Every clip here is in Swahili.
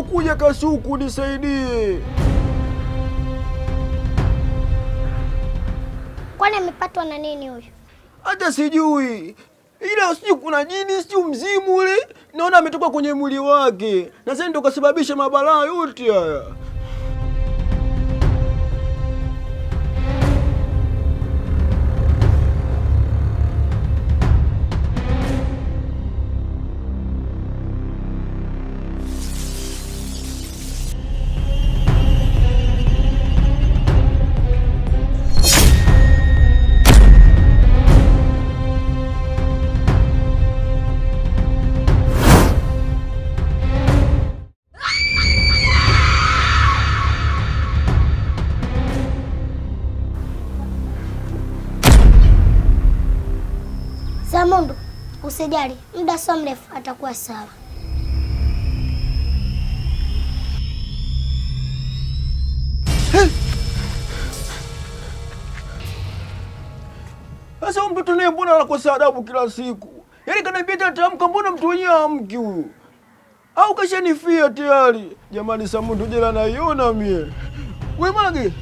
Alivyokuja Kasuku, nisaidie. Kwani amepatwa na nini huyu? Hata sijui, ila sijui kuna jini, sijui mzimu ule, naona ametoka kwenye mwili wake, na sasa ndio kasababisha mabalaa yote haya. Usijali, muda sio mrefu atakuwa sawa. Sasa mtoto naye mbona anakosa adabu kila siku? Yaani kaniambia tatamka, mbona mtu wenyewe amki huyu? Au kashanifia tayari? Jamani, Samu ndo jela naiona mie. Wewe mage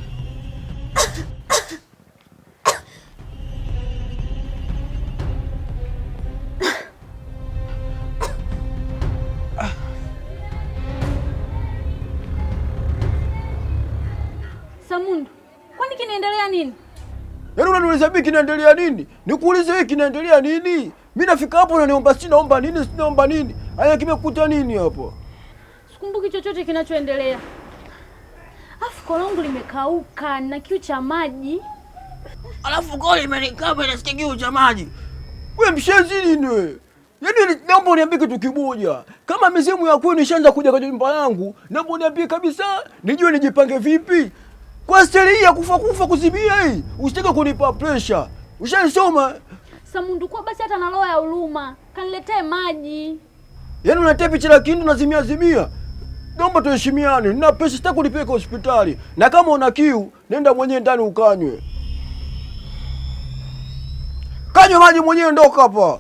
Mundu, kwani kinaendelea nini? Yaani unaniuliza mimi kinaendelea nini? Nikuulize wewe kinaendelea nini? Mimi nafika hapo unaniomba si naomba nini, si naomba nini? Haya kimekuta nini hapo? Sikumbuki chochote kinachoendelea. Afu langu limekauka na kiu cha maji. Alafu koli imenikaba inasikia kiu cha maji. Wewe mshenzi nini wewe? Yaani naomba uniambie kitu kimoja. Kama mizimu ya kwenu ishaanza kuja kwenye nyumba yangu, naomba uniambie kabisa nijue nijipange vipi. Kwa steli hii ya kufa kufa kuzibia hii, usitake kunipa pressure. Ushanisoma. Samundu kwa basi hata na roho ya huruma. Kaniletee maji. Yaani unatea picha lakini unazimia zimia. Naomba tuheshimiane. Nina pesa sitaki kulipeka hospitali. Na kama una kiu, nenda mwenyewe ndani ukanywe. kanywe maji mwenyewe, ndoka hapa.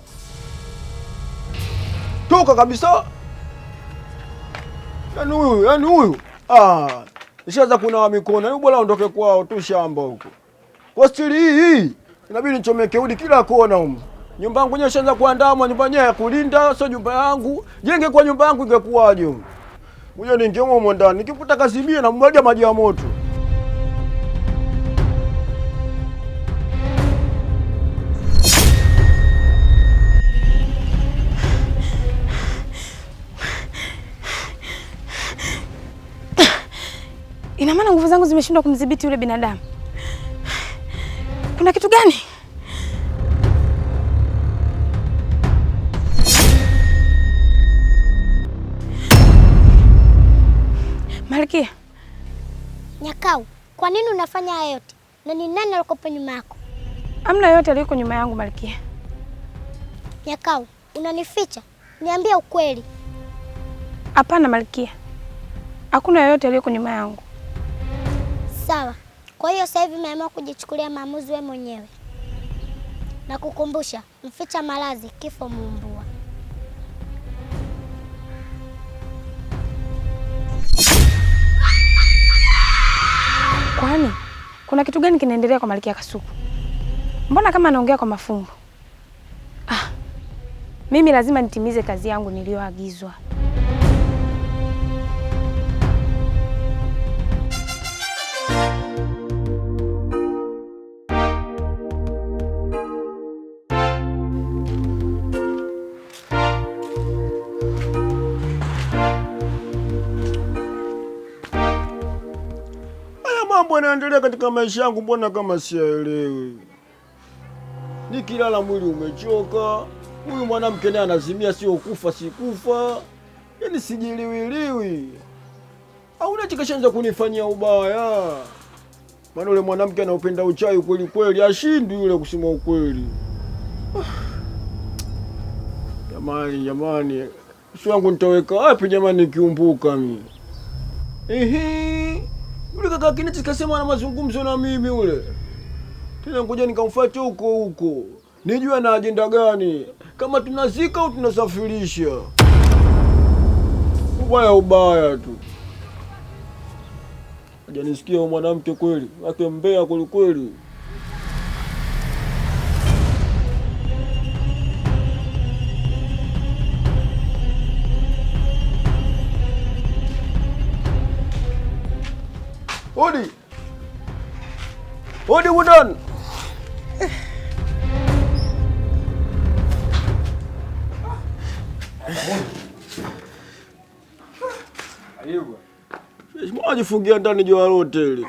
Toka kabisa. Yaani huyu, yaani huyu. Ah. Nishaanza kunawa mikono. Hebu bora ondoke kwao tu shamba huko. Kwa stili hii inabidi nichomeke udi kila kona huko. Nyumba yangu yenyewe shaanza kuandama, nyumba yenyewe ya kulinda, sio nyumba yangu. Jenge kwa nyumba yangu ingekuwaje huko? Ngoja ningeoma huko ndani. Nikiputa kasibia na mwaga maji ya moto. Ina maana nguvu zangu zimeshindwa kumdhibiti yule binadamu. Kuna kitu gani? Malkia. Nyakau, kwa nini unafanya haya yote? Na ni nani alikopo nyuma yako? Amna yote aliyoko nyuma yangu Malkia. Nyakau, unanificha? Niambia ukweli. Hapana Malkia. Hakuna yoyote aliyoko nyuma yangu. Sawa. Kwa hiyo sasa hivi umeamua kujichukulia maamuzi wewe mwenyewe. Na kukumbusha, mficha maradhi, kifo muumbua. Kwani kuna kitu gani kinaendelea kwa Malkia Kasuku? Mbona kama anaongea kwa mafumbo? Ah, mimi lazima nitimize kazi yangu niliyoagizwa. naendelea katika maisha yangu, mbona kama siaelewi? Nikilala mwili umechoka, huyu mwanamke naye anazimia, sio kufa sikufa, yaani sijiliwiliwi. Aunachikashanza kunifanyia ubaya, maana yule mwanamke anaupenda uchawi kweli kweli, ashindwi yule kusema ukweli. Jamani, jamani, si wangu nitaweka wapi jamani, nikiumbuka mi Ehe. Yule kaka Kineti kasema na mazungumzo na mimi ule Tena ngoja nikamfuate huko huko. Nijua na ajenda gani? Kama tunazika au tunasafirisha. Ubaya ubaya tu. Hajanisikia mwanamke kweli. Wake mbea kweli kweli. Udi. Udi Gundon. Ajifungia ndani jua lote hili.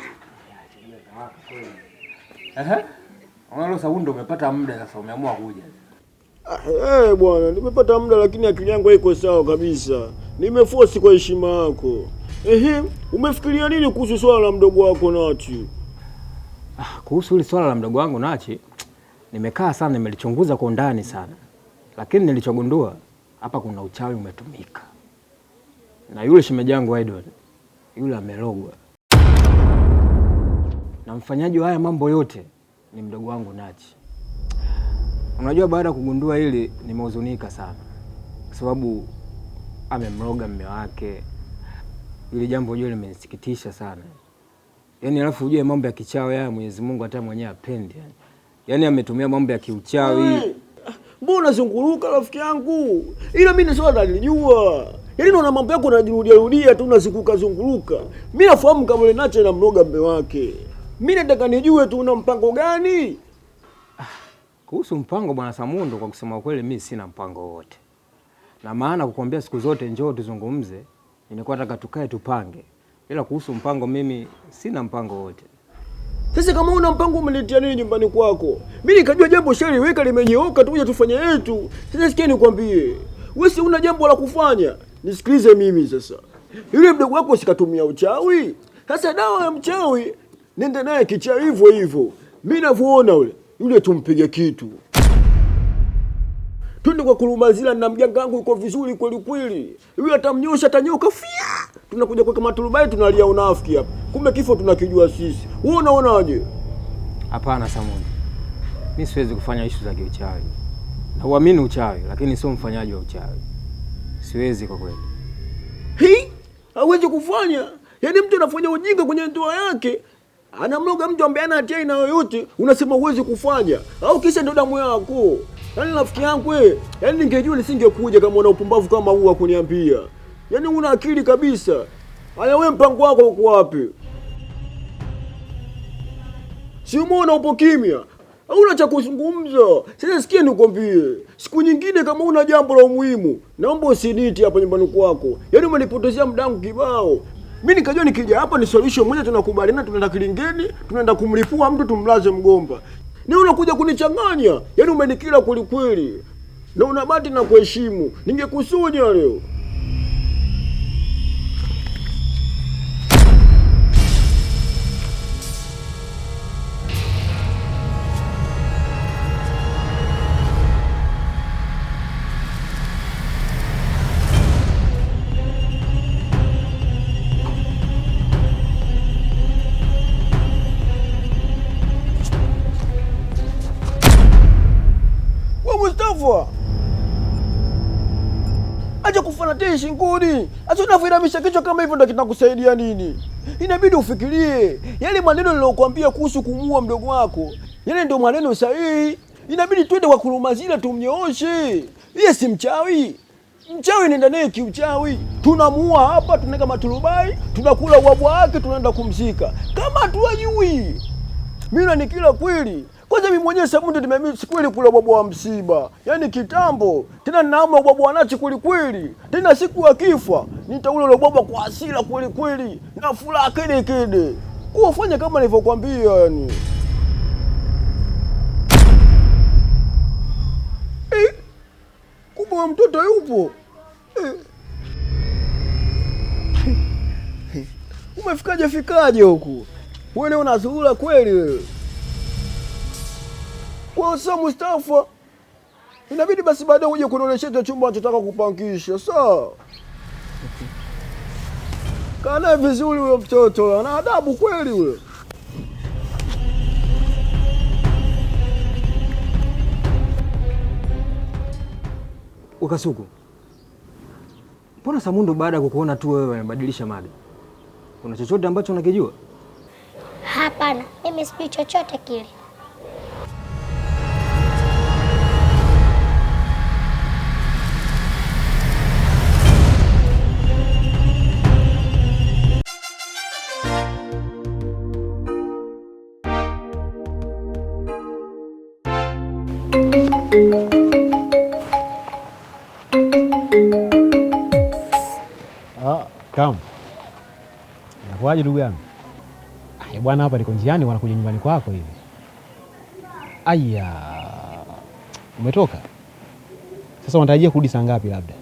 Unalosa umepata muda sasa umeamua kuja. Ah, eh, bwana, nimepata muda lakini akili yangu haiko sawa kabisa. Nimeforce kwa heshima yako. Ehe, umefikiria nini kuhusu swala la mdogo wako Nachi? Ah, kuhusu hili swala la mdogo wangu Nachi nimekaa sana, nimelichunguza kwa undani sana, lakini nilichogundua hapa kuna uchawi umetumika na yule shemeji yangu Aidon yule amelogwa, na mfanyaji wa haya mambo yote ni mdogo wangu Nachi. Unajua, baada ya kugundua hili nimehuzunika sana, kwa sababu amemroga mme wake Hili jambo ujue limenisikitisha sana. Yaani alafu ujue mambo ya kichawi haya Mwenyezi Mungu hata mwenyewe apendi. Yaani ametumia mambo ya kiuchawi. Mbona Hey, zunguruka rafiki yangu? Ila mimi nasema nalijua. Yaani naona mambo yako unajirudia rudia tu unazunguka zunguruka. Mimi nafahamu kama ile nacho na mloga mbe wake. Mimi nataka nijue tu una mpango gani? Ah, kuhusu mpango bwana Samundo, kwa kusema kweli, mimi sina mpango wote, na maana kukuambia siku zote njoo tuzungumze Inakuwa nataka tukae tupange, ila kuhusu mpango, mimi sina mpango wote. Sasa kama una mpango umeletea nini nyumbani kwako? Mimi nikajua jambo shari weka limenyooka, tuje tufanye yetu. Sasa sikia, nikwambie wewe, si una jambo la kufanya? Nisikilize mimi sasa. Yule mdogo wako sikatumia uchawi, sasa dawa ya mchawi nenda naye kichaa hivyo hivyo. Mimi navyoona ule yule, tumpige kitu twende kwa Kulumazila na mjanga wangu yuko vizuri kweli kweli, huyu atamnyosha atanyoka fia. Tunakuja kwa kama turubai, tunalia unafiki hapa, kumbe kifo tunakijua sisi. Wewe unaonaje? Hapana Samoni, mi siwezi kufanya ishu za kiuchawi na uchawi, lakini sio mfanyaji wa uchawi, siwezi kwa kweli. Hii hawezi kufanya, yaani mtu anafanya ujinga kwenye ndoa yake anamloga mtu ambaye hana hatia na unasema huwezi kufanya au kisa ndo damu yako Yaani rafiki yangu wewe, eh, yaani ningejua nisingekuja kama una upumbavu kama huu kuniambia. Yaani una akili kabisa. Haya wewe mpango wako uko wapi? Si umeona upo kimya? Au una cha kuzungumza. Sasa sikia nikwambie. Siku nyingine kama una jambo la muhimu, naomba usiniti hapa nyumbani kwako. Yaani umenipotezea muda wangu kibao. Mimi nikajua nikija hapa ni solution moja, tunakubaliana tunaenda kilingeni, tunaenda kumlipua mtu tumlaze mgomba ni unakuja kunichanganya, yaani umenikila kwelikweli, na unabati na kuheshimu, ningekusunya leo unava acha kufanatisha ngudi, acha unaviramisha kichwa kama hivyo, ndo kitakusaidia nini? Inabidi ufikirie yale maneno nilokuambia kuhusu kumua mdogo wako, yale ndio maneno sahihi. Inabidi twende kwa kulumazila tumnyooshe. Yeye si mchawi, mchawi nenda naye kiuchawi. Tunamuua hapa, tunaweka maturubai, tunakula uwavu wake, tunaenda kumzika. Kama hatuwajui, mimi na nikila kweli kwanza mimi mwenyewe Samunde nimeamini kweli kula babu wa msiba, yaani kitambo tena, naamua ubwabwa wa kweli kweli, tena siku ya kifwa nitaula ule babu kwa hasira kweli kweli na furaha kede kede, kuwafanya kama nilivyokuambia yani eh, kumbe mtoto yupo eh. Umefikaje fikaje huku wewe, unazurura kweli wewe. Kwa sasa Mustafa, inabidi basi baadaye uje kunaonesha chumba unachotaka kupangisha, sawa? Kana vizuri huyo mtoto, ana adabu kweli huyo. Ukasuku, mbona Samundo baada ya kukuona tu wewe amebadilisha mada? Kuna chochote ambacho unakijua? Hapana, mimi sijui chochote kile. Unaendeleaje ndugu yangu? bwana, hapa niko njiani, wanakuja nyumbani kwako hivi. Aya, umetoka sasa, unatarajia kurudi saa ngapi? Labda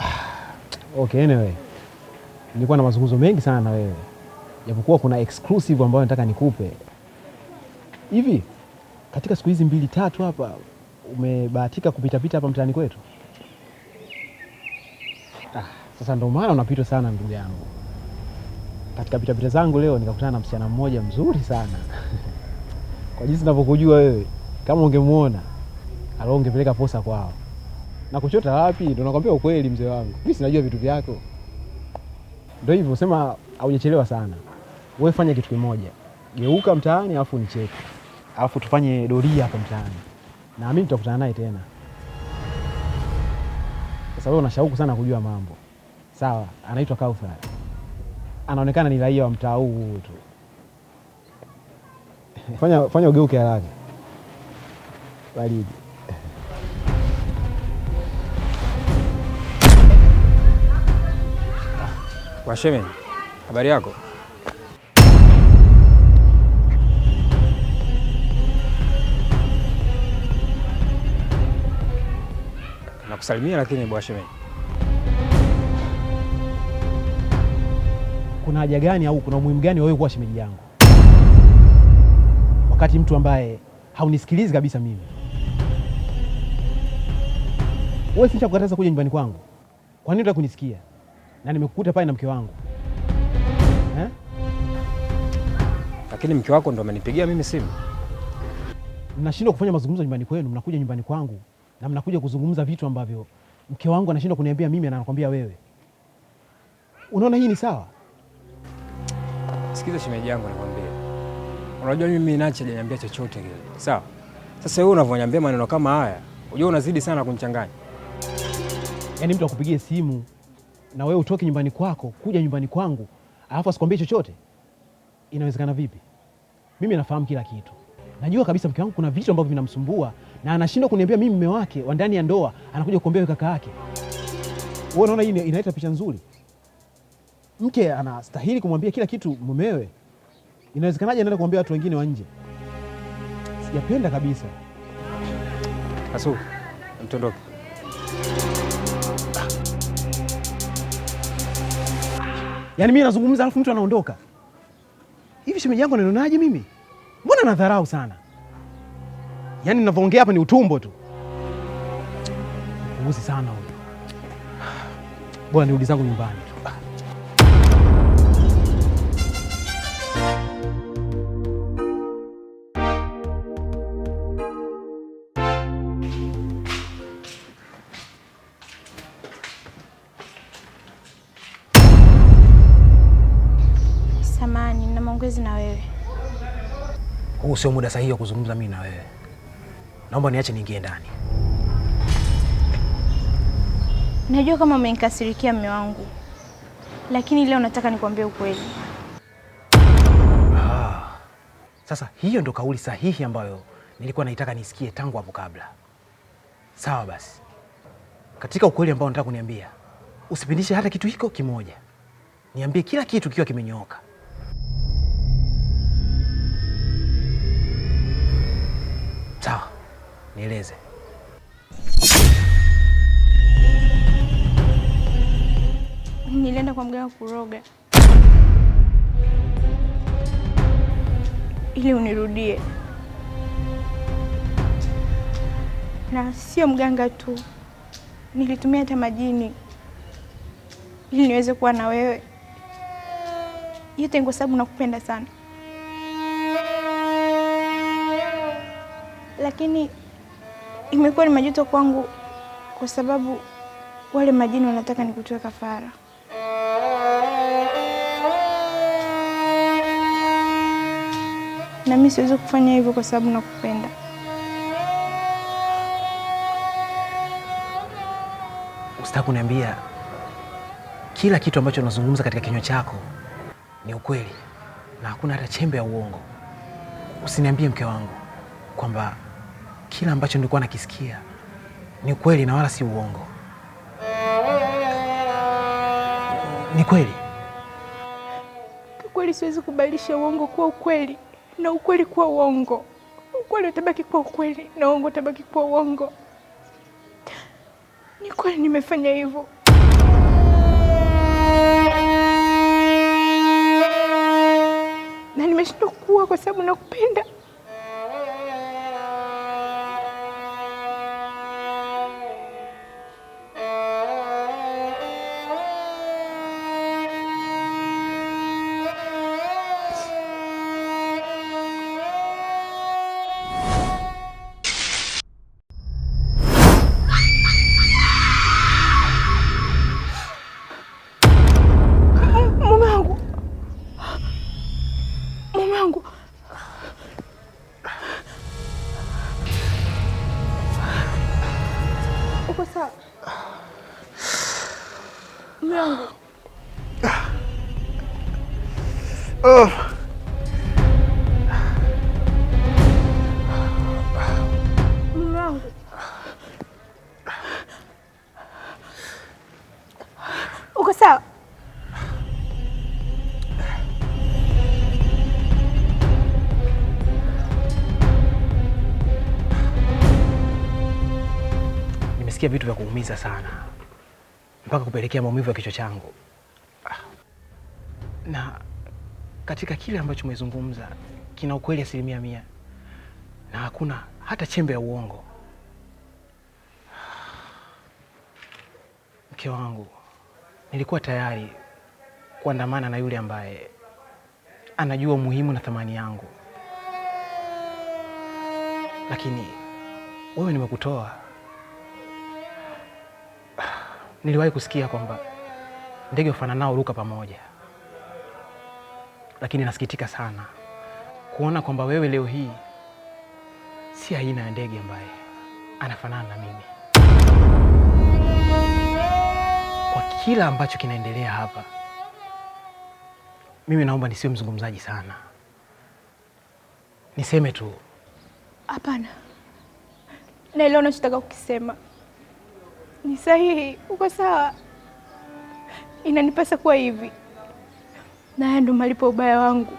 ah, okay. Anyway, nilikuwa na mazungumzo mengi sana na wewe, japokuwa kuna exclusive ambayo nataka nikupe hivi katika siku hizi mbili tatu hapa. Umebahatika kupitapita hapa mtaani kwetu? Ah, sasa ndio maana unapitwa sana ndugu yangu. Katika pitapita zangu leo nikakutana na msichana mmoja mzuri sana kwa jinsi ninavyokujua wewe, kama ungemuona alo ungepeleka posa kwao. Na kuchota wapi? Ndio nakwambia ukweli, mzee wangu, mimi sinajua vitu vyako. Ndio hivyo, sema haujachelewa sana. Wewe fanya kitu kimoja, geuka mtaani alafu nicheke, alafu tufanye doria hapa mtaani, na mimi nitakutana naye tena. Kwa sababu ana shauku sana kujua mambo. Sawa, anaitwa Kauthar, anaonekana ni raia wa mtaa huu tu. Fanya, fanya ugeuke haraka baridi Washemeji, habari yako? nakusalimia, lakini bwana shemeji, kuna haja gani au kuna umuhimu gani wewe kuwa shemeji yangu wakati mtu ambaye haunisikilizi kabisa mimi? Wewe sisha kukataza kuja nyumbani kwangu, kwa nini unataka kunisikia? Na nimekukuta pale na mke wangu eh? Lakini mke wako ndo amenipigia mimi simu. Mnashindwa kufanya mazungumzo nyumbani kwenu, mnakuja nyumbani kwangu na mnakuja kuzungumza vitu ambavyo mke wangu anashindwa kuniambia mimi, anakwambia wewe. Unaona hii ni sawa? Sikiza shemeji yangu, nakwambia, unajua mimi nache hajaniambia chochote kile, sawa? Sasa wewe unavyoniambia maneno kama haya, unajua unazidi sana kunichanganya. Yaani mtu akupigie simu na wewe utoke nyumbani kwako kuja nyumbani kwangu alafu asikwambie chochote, inawezekana vipi? Mimi nafahamu kila kitu najua kabisa mke wangu kuna vitu ambavyo vinamsumbua na anashindwa kuniambia mimi mume wake wa ndani ya ndoa, anakuja kuombea kaka yake. Wewe unaona hii inaleta picha nzuri? Mke anastahili kumwambia kila kitu mumewe, inawezekanaje anaenda kuambia watu wengine wa nje? Sijapenda kabisa. Asu, mtondoke. Yaani mimi nazungumza alafu mtu anaondoka hivi. Shemeji yangu anaonaje mimi? Mbona nadharau sana? Yaani ninavyoongea hapa ni utumbo tu. Uzi sana huyo. Bora nirudi zangu nyumbani. sio muda sahihi wa kuzungumza mimi na wewe. Naomba niache niingie ndani. Najua kama umenikasirikia mume wangu, lakini leo nataka nikwambie ukweli. Ah, sasa hiyo ndo kauli sahihi ambayo nilikuwa naitaka nisikie tangu hapo kabla. Sawa basi, katika ukweli ambao nataka kuniambia, usipindishe hata kitu hiko kimoja, niambie kila kitu kikiwa kimenyooka. Sawa, nieleze. Nilienda kwa mganga kuroga ili unirudie, na sio mganga tu, nilitumia hata majini ili niweze kuwa na wewe. Yote ni kwa sababu nakupenda sana. lakini imekuwa ni majuto kwangu kwa sababu wale majini wanataka nikutoe kafara. Na mimi siwezi kufanya hivyo kwa sababu nakupenda. Usitaka kuniambia kila kitu ambacho unazungumza katika kinywa chako ni ukweli na hakuna hata chembe ya uongo. Usiniambie mke wangu kwamba kila ambacho nilikuwa nakisikia ni kweli na wala si uongo. Ni kweli kweli, siwezi kubadilisha uongo kuwa ukweli na ukweli kuwa uongo. Ukweli utabaki kuwa ukweli na uongo utabaki kuwa uongo. Ni kweli nimefanya hivyo. na nimeshindwa kuwa kwa sababu nakupenda. uko sawa? Mume wangu. Oh. nilisikia vitu vya kuumiza sana mpaka kupelekea maumivu ya kichwa changu, ah. na katika kile ambacho umezungumza kina ukweli asilimia mia na hakuna hata chembe ya uongo. Mke wangu, nilikuwa tayari kuandamana na yule ambaye anajua umuhimu na thamani yangu, lakini wewe nimekutoa niliwahi kusikia kwamba ndege ufananao ruka pamoja, lakini nasikitika sana kuona kwamba wewe leo hii si aina ya ndege ambaye anafanana na mimi. Kwa kila ambacho kinaendelea hapa, mimi naomba nisiwe mzungumzaji sana, niseme tu hapana, naelewa unachotaka kukisema. Ni sahihi, uko sawa. Inanipasa kuwa hivi, na haya ndo malipo ubaya wangu.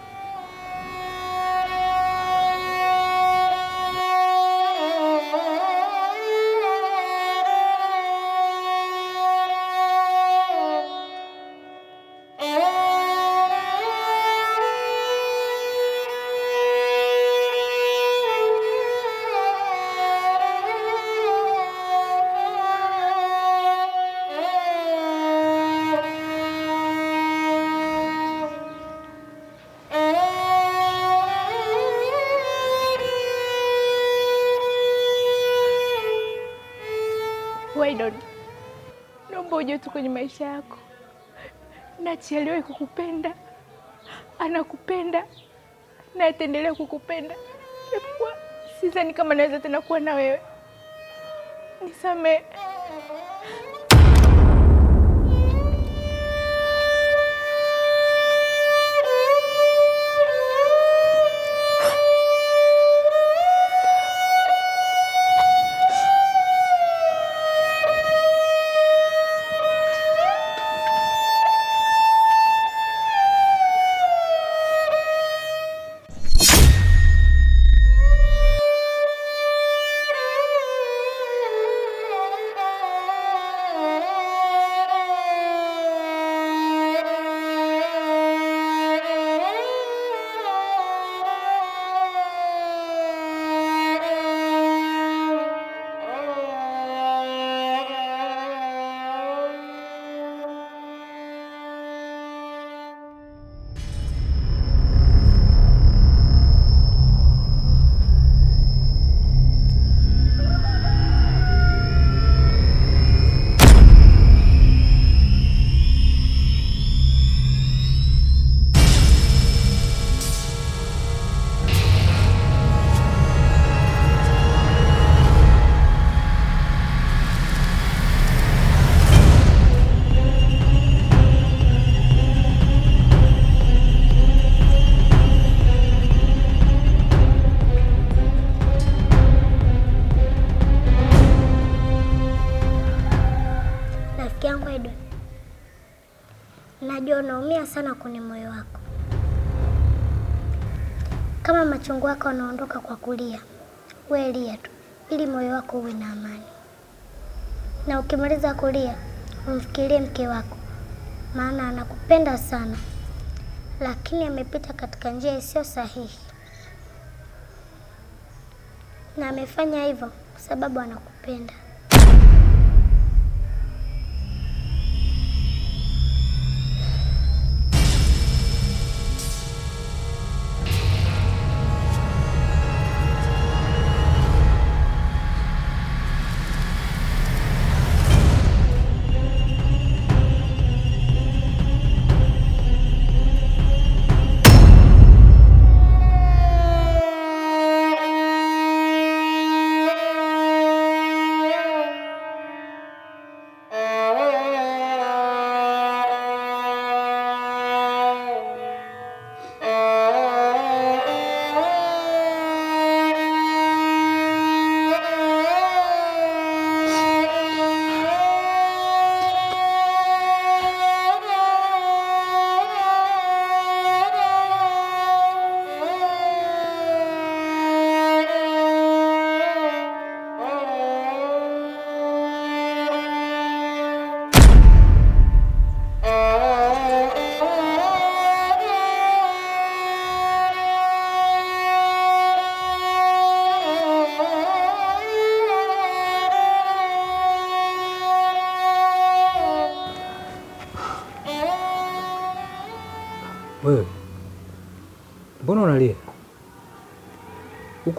tu kwenye maisha yako. Nachi aliwahi kukupenda, anakupenda na ataendelea kukupenda. Sidhani kama naweza tena kuwa na wewe, nisamehe. ndio unaumia sana kwenye moyo wako. Kama machungu yako yanaondoka kwa kulia, we lia tu ili moyo wako uwe na amani, na ukimaliza kulia umfikirie mke wako, maana anakupenda sana, lakini amepita katika njia isiyo sahihi, na amefanya hivyo kwa sababu anakupenda.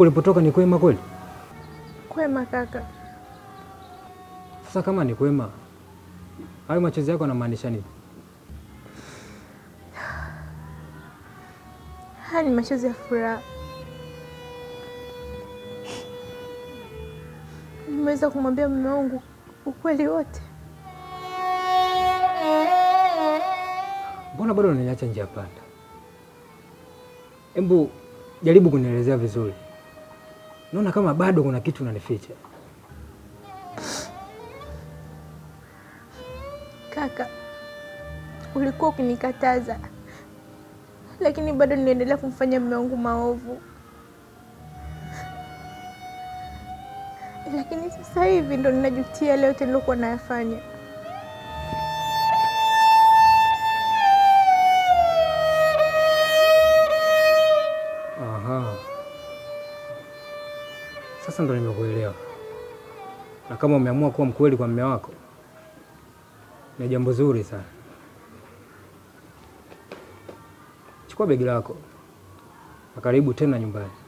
huko ulipotoka ni kwema kweli? Kwema kaka. Sasa kama ni kwema, hayo machozi yako yanamaanisha nini? Haya ni machozi ya furaha. Nimeweza kumwambia mume wangu ukweli wote. Mbona bado unaniacha njia panda? Hebu jaribu kunielezea vizuri naona kama bado kuna kitu unanificha kaka. Ulikuwa ukinikataza, lakini bado ninaendelea kumfanya mume wangu maovu, lakini sasa hivi ndo ninajutia leo yote nilokuwa nayafanya. Sasa ndo nimekuelewa, na kama umeamua kuwa mkweli kwa mme wako ni jambo zuri sana. Chukua begi lako na karibu tena nyumbani.